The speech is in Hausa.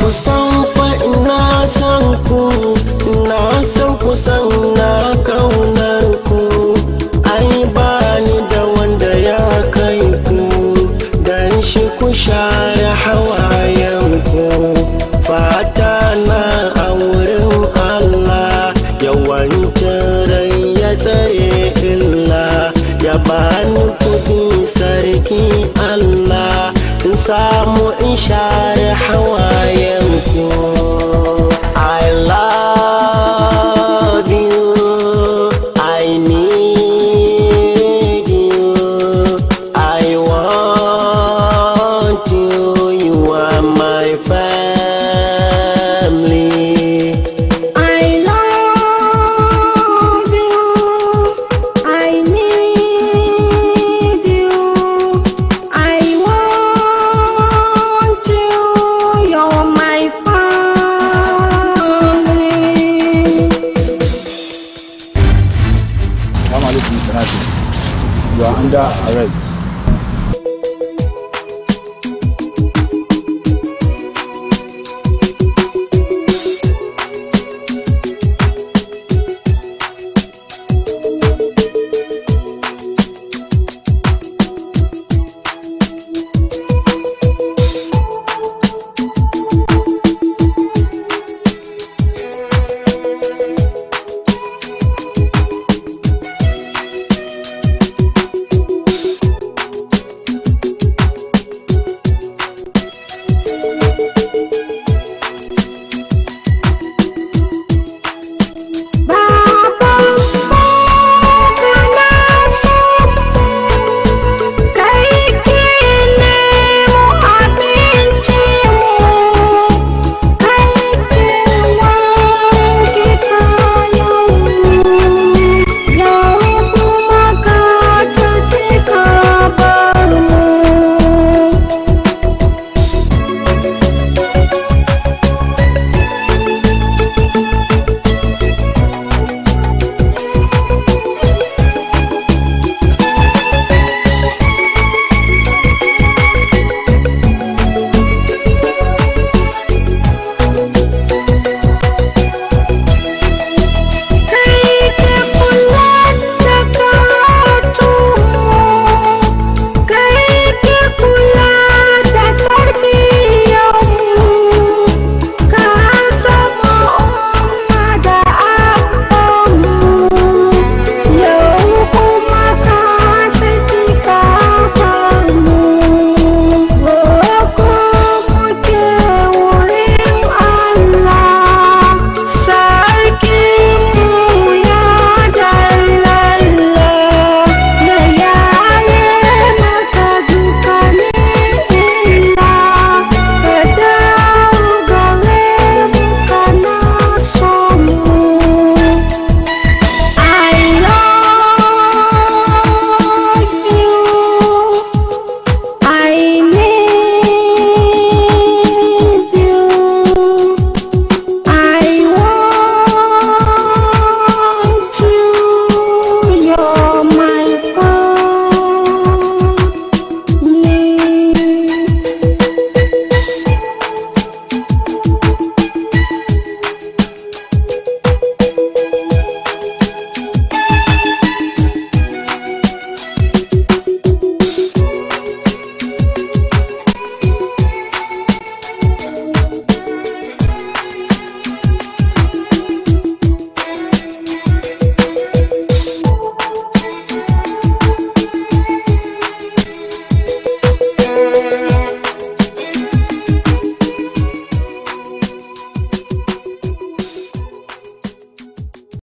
kusan fa ina san ku ina san kusan na kaunar ku ai ba ni da wanda ya kai ku dan shi ku share hawayen ku fata na a wurin Allah yawancin rai ya tsaye illa ya bani kuɗi sarki Allah in samu in sha under arrest.